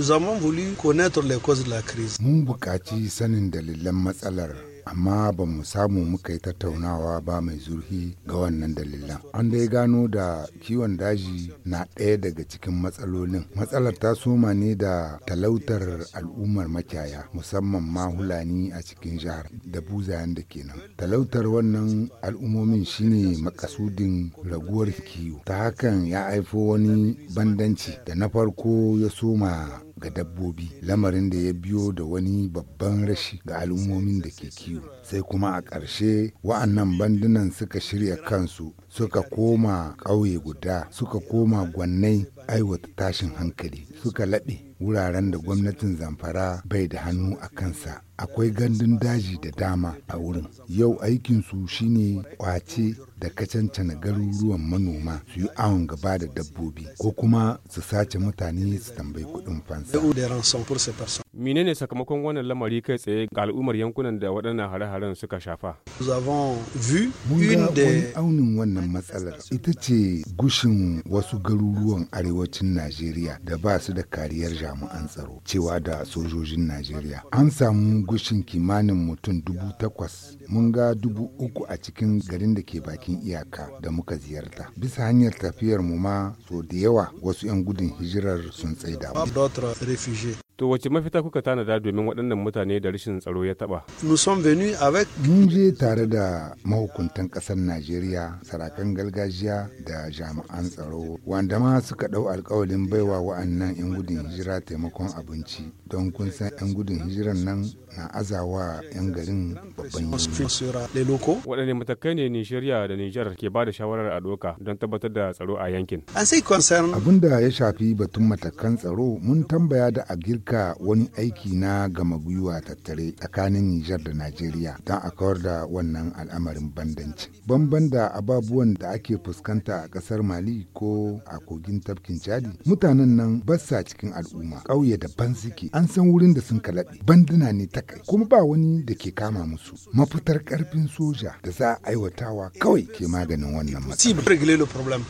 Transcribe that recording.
Nous avons voulu connaître les causes de la crise. Mun buƙaci sanin dalilan matsalar amma ba mu samu muka yi tattaunawa ba mai zurfi ga wannan dalilan an dai gano da kiwon daji na ɗaya daga cikin matsalolin matsalar ta soma ne da talautar al'ummar makiyaya musamman ma hulani a cikin jihar da buzayen da kenan talautar wannan al'ummomin shine makasudin raguwar kiwo ta hakan ya haifo wani bandanci da na farko ya soma ga dabbobi lamarin da ya biyo da wani babban rashi ga al'ummomin da ke kiwo sai kuma a ƙarshe wa'annan bandunan suka shirya kansu suka koma ƙauye guda suka koma gwannai aiwata tashin hankali suka laɗe wuraren da gwamnatin zamfara bai da hannu a kansa akwai gandun daji da dama a wurin yau aikinsu shine kwace da kacancana garuruwan manoma su yi awon gaba da dabbobi ko kuma su sace mutane su tambayi kudin fansa menene sakamakon wannan lamari kai tsaye ga al'ummar yankunan da waɗannan hare-haren suka shafa mun ga aunin wannan matsalar ita ce gushin wasu garuruwan arewacin najeriya da ba su da kariyar jami'an tsaro cewa da sojojin najeriya an samu gushin kimanin mutum dubu takwas mun ga dubu uku a cikin garin da ke bakin iyaka da muka ziyarta bisa hanyar tafiyar mu ma so da yawa wasu 'yan gudun hijirar sun tsaida To wace mafita kuka tanada domin waɗannan mutane da rashin tsaro ya taɓa? Mun je tare da mahukuntan ƙasar Najeriya, sarakan gargajiya da jami'an tsaro, wanda ma suka ɗau alkawalin baiwa wa'annan 'yan gudun hijira taimakon abinci, don kun san 'yan gudun hijiran nan na azawa 'yan garin babban Waɗanne matakai ne Nijeriya da Nijar ke ba da shawarar a doka don tabbatar da tsaro a yankin? Abin da ya shafi batun matakan tsaro mun tambaya da agirka. aika wani aiki na gama gwiwa tattare tsakanin Nijar da Najeriya don a kawar da wannan al'amarin bandanci. Banban da ababuwan da ake fuskanta a ƙasar Mali ko a kogin tafkin Chadi, mutanen nan basa cikin al'umma, ƙauye daban suke, an san wurin da sun kalaɗe, banduna ne ta kai, kuma ba wani da ke kama musu. Mafitar karfin soja da za a aiwatawa kawai ke maganin wannan matsala.